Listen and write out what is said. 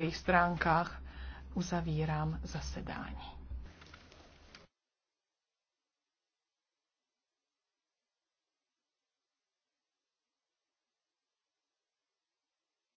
webových stránkách uzavírám zasedání.